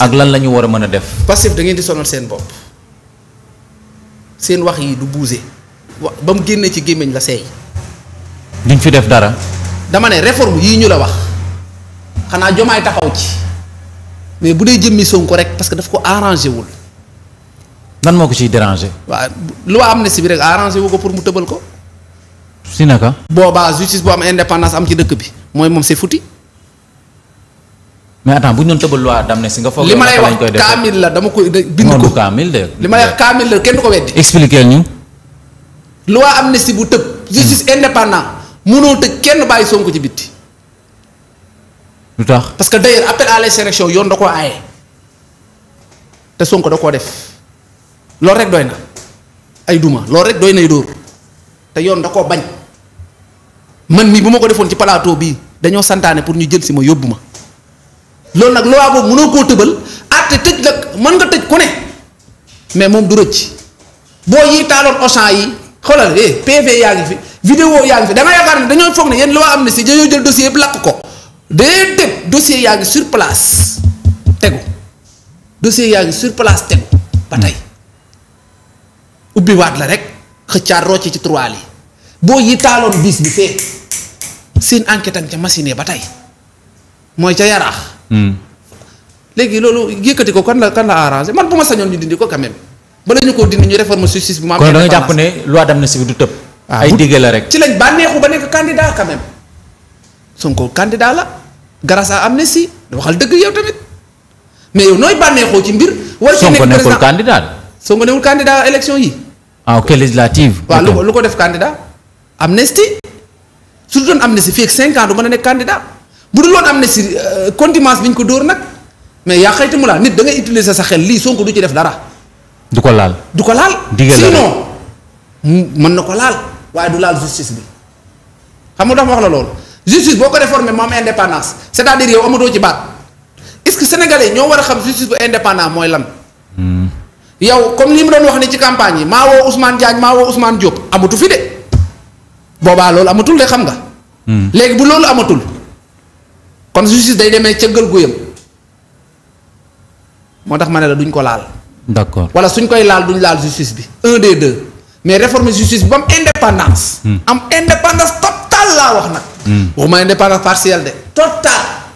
ak lan la ñu war a mën a def. Pastef da ngeen di sonal seen bopp seen wax yi du bougé wa ba mu génnee ci gémmiñ la seey. duñ fi def dara. dama ne réforme yii ñu la wax xanaa jomaay taxaw ci mais bu dee jëmmi Sonko rek parce que daf ko arrangé wul. lan moo ko ciy waa dérangé. am na si bi rek arrangé wu ko pour mu tëbal ko. si naka. boobaa justice bu am indépendance am ci dëkk bi mooy moom c'est futi mais attends bu ñu doon tëbal loi d'amnistie nga foog li ma lay wax kaamil la dama koy bind ko li ma lay wax kaamil la kenn du ko weddi expliquer ñu loi bu tëb justice hmm. indépendant mënoo tëj kenn bàyyi Sonko ci bitti lu tax parce que d'ailleurs appel à l'insurrection yoon da koo aaye te Sonko da koo def loolu rek doy na ay duma loolu rek doy nay dóor te yoon da koo bañ man mii bu ma ko defoon ci plateau bii dañoo santaane pour ñu jël ma yóbbu ma loolu nag loi boobu mënoo koo tëbal àtte tëj nag mën nga tëj ku ne mais moom du rëcc boo yi taaloon Auchan yi xoolal eh PV yaa ngi fi vidéo yaa ngi fi da yaakaar ne dañoo foog ne yéen loi amnistie dañoo jël dossier yëpp lakk ko déedéet dossier yaa ngi sur place tegu dossier yaa ngi sur tegu ba tey ubbi la rek xëccaat rocci ci trois yi boo yi taaloon biis bi fee seen enquête ak ca machine ba tey mooy ca yaraax Hmm. léegi loolu yëkkati ko kan la kan la arrangé man bu ma sañoon ñu dindi ko quand même bala ñu ko dindi ñu réforme justice bi ma am kon da nga jàpp ne loi d'amnistie bi du tëb ah, ay digge la rek ci lañ bànneexu ba nekk candidat quand même Sonko candidat la grâce à amnistie waxal dëgg yow tamit mais yow nooy bànneexoo ci mbir war ci nekk président Sonko nekkul candidat newul candidat élection yi ah ok législative waaw lu ko ko def candidat amnistie su doon amnistie fii ak cinq ans du mën a nekk candidat bu dul am na euh, contumace bi ñu ko dóor nag mais yaa xayti mu laa nit da ngay utiliser sa xel lii Sonko du ci def dara. du ko laal du ko laal. digal sinon mën na ko laal waaye du laal justice bi xam nga dafa wax la loolu justice boo ko réformé mu am indépendance c'est-à-dire yow amatoo ci baat est-ce que sénégalais ñoo war a xam justice bu indépendant mooy lan. Hmm. yow comme lii mu doon wax ni ci campagne yi maa woo Ousmane Diagne maa woo Ousmane Diop amatu fi de boobaa loolu amatul de xam nga. Hmm. léegi bu loolu amatul. kon justice day demee cëggal guyam moo tax ma ne la duñ ko laal. d'accord wala suñ koy laal duñ laal justice bi un des de mais réforme justice bi ba am indépendance. Hmm. am indépendance totale laa wax nag. Hmm. waxuma indépendance partielle de. totale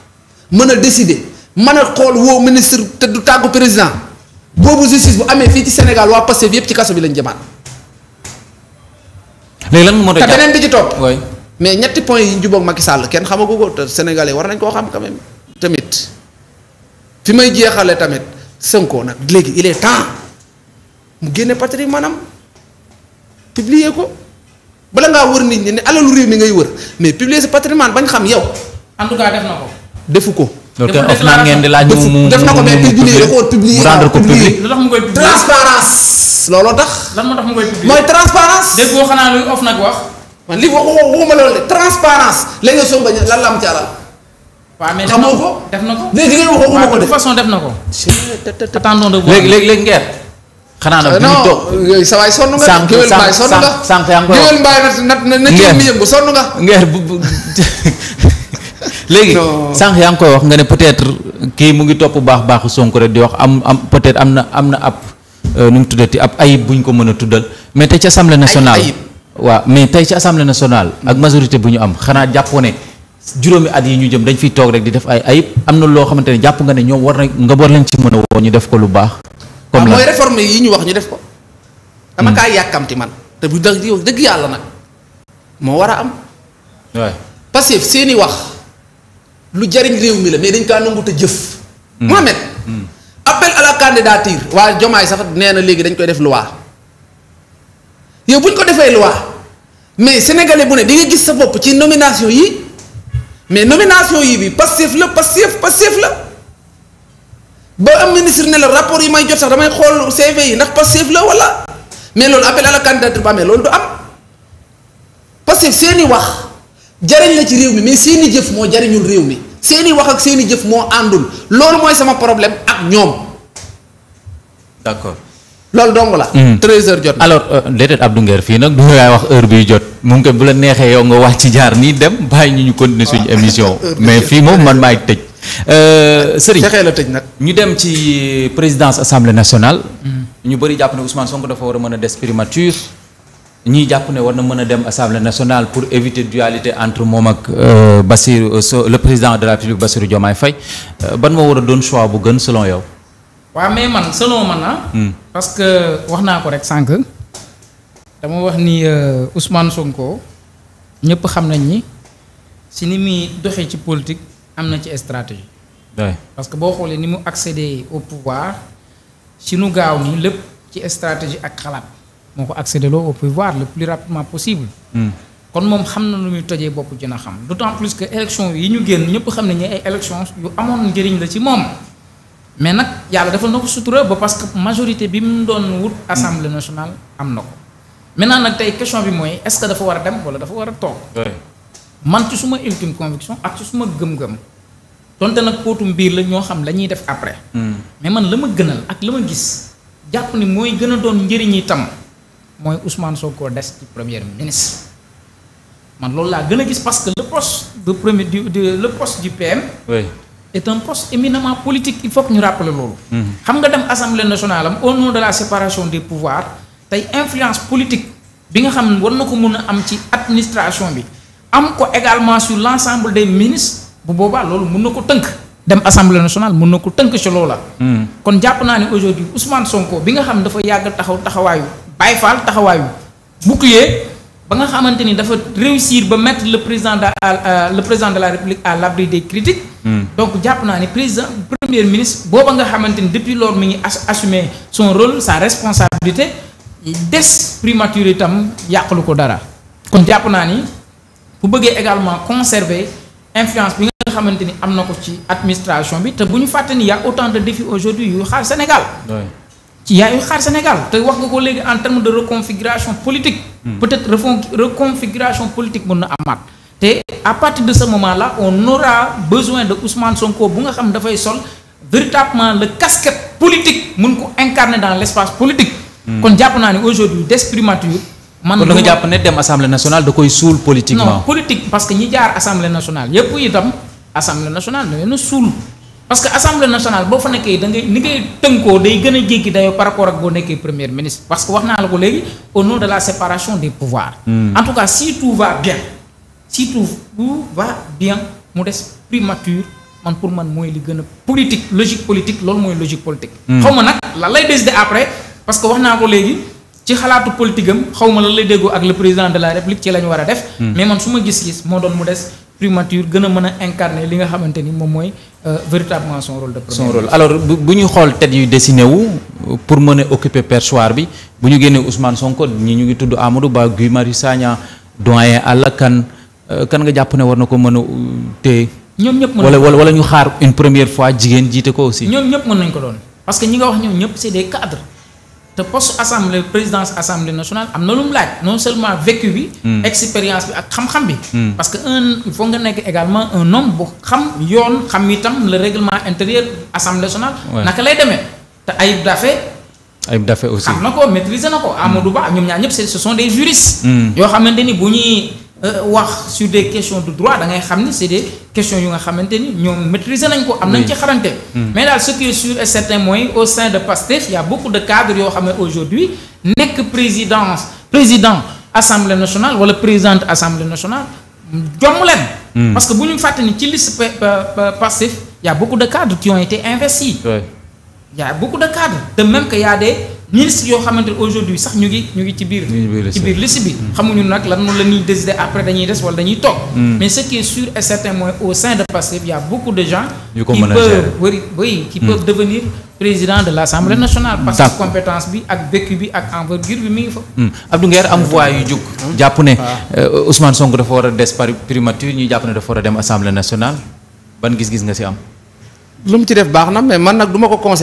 mën a décider mën a xool woo ministre te du tàggu président boobu justice bu amee fii ci Sénégal waa Pastef yëpp ci kaso bi lañ jëmaat. léegi lan moo doon te beneen bi ci topp. mais ñetti point yi ñu jubóog Macky Sall kenn xamagu ko te sénégalais war nañ koo xam quand tamit fi may jeexale tamit Sonko nag léegi il est temps mu génne patrimoine maanaam publier ko bala ngaa wër nit ñi ne alalu réew mi ngay wër mais publier sa patrimoine bañ xam yow. en tout cas def na ko. defu ko. def na ngeen di laaj mu def na ko mais publier ko war transparence. looloo tax. lan moo tax mu koy publier mooy transparence. dégg xanaa luy of nag wax. man li waxu waxuma loolu de léegi nga mais xamoo def na ko léegi na ko. attendons de xanaa nag bu euh, ñu toog sànq sànq sànq yaa na na na kii mi yëngu sonn nga. ngeen bu bu léegi sànq yaa ngi koy wax nga ne peut-être kii mu ngi topp baax baaxu Sonko rek di wax am am peut-être am na am na ab euh, nu mu tuddati ab ayib bu ñu ko mën a tuddal mais te ci assemblée nationale. waa mais tey ci assemblée nationale. ak majorité bu ñu am xanaa jàppoo ne juróomi at yi ñu jëm dañ fiy toog rek di def ay ayib am na loo xamante ne jàpp nga ne ñoom war na nga war leen ci mën a woo ñu def ko lu baax. comme ah, la mooy réforme yi ñu wax ñu def ko. dama hmm. kaa yàkkamti man te bu dëgg dëgg yàlla nag moo war a am. waay Pastef seeni wax lu jariñ réew mi la mais dañ kaa nangu te jëf. Hmm. Mohamed. Hmm. appel à la waa Jomaay sax nee na léegi dañ koy def loi yow buñ ko defee loi. mais sénégalais bu ne di nga gis sa bopp ci nomination yi mais nomination yi bi passif la passif passif la ba am ministre ne la rapport yi may jot sax damay xool CV yi ndax passif la wala mais loolu appel à la candidature ba amee loolu du am passif seeni wax jariñ la ci réew mi mais seeni jëf moo jariñul réew mi seeni wax ak seeni jëf moo àndul loolu mooy sama problème ak ñoom d'accord loolu dong la. 13h hmm. jot alors euh, déedéet Abdou Nguer fii nag du laay wax heure bi jot moom kay bu la neexee yow nga wax ci jaar nii dem bàyyi ñu ñu continuer suñu ah, émission mais fii moom man maay tëj. Euh, Serigne fexee la tëj nag. ñu dem ci présidence assemblée nationale. Hmm. ñu bëri jàpp ne Ousmane Sonko dafa war a mën a des primature ñii jàpp ne war na mën a dem assemblée nationale pour éviter dualité entre moom ak euh, Bassirou le président de la République Bassirou Diomaye Faye ban moo war a doon choix bu gën selon yow. waa mais man selon man ah. Hmm. parce que wax naa ko rek sànq. dama wax ni euh, Ousmane Sonko ñëpp xam nañ ni si ni muy doxee ci politique am na ci stratégie. parce que boo xoolee ni mu accéder au pouvoir si nu gaaw nii lépp ci stratégie ak xalaat moo ko accéder loo au pouvoir le plus rapidement possible. Hmm. kon moom xam na lu muy tojee ci na xam d' autant plus que élection yi ñu génn ñëpp xam nañ ne ay élections yu amoon njëriñ la ci moom. mais nag yàlla defal na ko sutura ba parce que majorité bi mu doon wut. assemblée national am na ko. naa nag tey question bi mooy est-ce que dafa war a dem wala dafa war a toog. man ci suma ultime conviction ak ci suma gëm-gëm. donte nag póotum biir la ñoo xam la def après. Hmm. mais man la ma gënal ak la ma gis jàpp ni mooy gën a doon njëriñ itam mooy soo Sonko des ci premier ministre man loolu laa gën a gis parce que le poste de premier du le poste du PM. est un poste éminemment politique il faut que ñu rappeler loolu. xam nga dem assemblée nationale am au nom de la séparation des pouvoirs tey influence politique bi nga xam ne war na ko mën a am ci administration bi am ko également sur l' ensemble des ministres bu boobaa loolu mun na ko tënk. dem assemblée nationale mun na ko tënk ci loola. Hmm. kon jàpp naa ne aujourd'hui Ousmane Sonko bi nga xam dafa yàgg taxaw taxawaayu Baye Fall taxawaayu bouclier. ba nga xamante ni dafa réussir ba mettre le président de euh, le président de la république à l'abri des critiques hmm. donc jàpp naa ni président premier ministre booba nga xamante ni depuis lors mi ngi assumer son rôle sa responsabilité des primature itam yàqulu ko dara kon jàpp naa ni bu bëggee également conserver influence bi nga xamante ni am na ko ci administration bi te bu ñu fàtte ni y a autant de défis aujourd'hui yuy xaar Sénégal ci yaa yuy xaar Sénégal te wax nga ko léegi en termes de reconfiguration politique Hmm. peut-être refon reconfiguration politique mën na amaat te à partir de ce moment là on aura besoin de Ousmane Sonko bu nga xam dafay sol véritablement le casquette politique mun ko incarner dans l'espace politique hmm. kon jàpp naa ne aujourd'hui d'esprimature man kon nga jàpp ne dem assemblée nationale da koy suul politiquement non politique parce que ñi jaar assemblée nationale yépp itam assemblée nationale dañu suul parce que assemblée nationale boo fa nekkee da ngay ni ngay tënkoo day gën a jéggi dayoo par rapport ak boo nekkee premier ministre parce que wax naa la ko léegi au nom de hmm. en tout cas si tout va bien si va bien mu des primature man pour man mooy li gën a politique logique politique loolu mooy logique politique. Hmm. xaw ma nag lan lay décider après parce que wax naa ko léegi ci xalaatu politique am xaw ma lan lay déggoo ak le président de la république ci la ñu war a def. Hmm. mais ma gis-gis moo doon mu des. primature gën a mën a incarner li nga xamante ni moom mooy euh, véritablement son rôle de premier. son rôle alors bu ñu xool tête yu dessiné wu pour mën a occuper perchoir bi bu ñu génnee Ousmane Sonko ñi ñu ngi tudd Amadou Ba Guy Marius Sagna doyen Alla Kane euh, kan nga jàpp ne war na ko mën a euh, téye. ñoom ñëpp mën wala wala ñu xaar une première fois jigéen jiite ko aussi. ñoom nañ ko doon parce que ñi nga wax ñoom ñëpp c'est des cadres. te poste assemblée présidence assemblée nationale am na lu mu laaj non seulement vécu bi. Hmm. expérience bi ak xam-xam bi. Hmm. parce que un il nga nekk également un homme bu xam yoon xam yi tam le règlement intérieur assemblée nationale. naka lay demee te Ayib Daffé. Ayib Daffé aussi xam na ko maîtriser na ko. Amadou Ba ñoom ñaar ñëpp ce sont des juristes. Hmm. yoo xamante ni bu ñuy. Euh, wax sur des questions de droit da ngay xam ni c'est des questions yu nga xamante ni ñoom maîtriser nañ ko am nañ ci xarante hmm. mais daal ce qui est certain mooy au sein de PASTEF y a beaucoup de cadres yoo xam ne aujourd'hui nekk présidence président assemblée nationale wala présidente assemblée nationale jomm leen hmm. que bu ñu fàtte ni ci liste PASTEF y a beaucoup de cadres qui ont été investis ouais. y a de cadres de même que y a ministre yoo xamante ne aujourd'hui sax ñu ngi ñu ngi ci biir ci biir liste bi mm. xamuñu nag lan la ñuy décider après dañuy des wala dañuy toog mm. mais ce qui est et certain mooy au sein de Pastef a beaucoup mm. bi ak vécu bi ak envergure bi mi ngi fa Abdou Nguer am voix yu jug jàpp ne ah. euh, Ousmane Sonko dafa war a des par primature ñuy jàpp ne dafa war a dem Assemblée nationale ban gis-gis nga si am lu mu ci def baax na mais man nag du ko conseil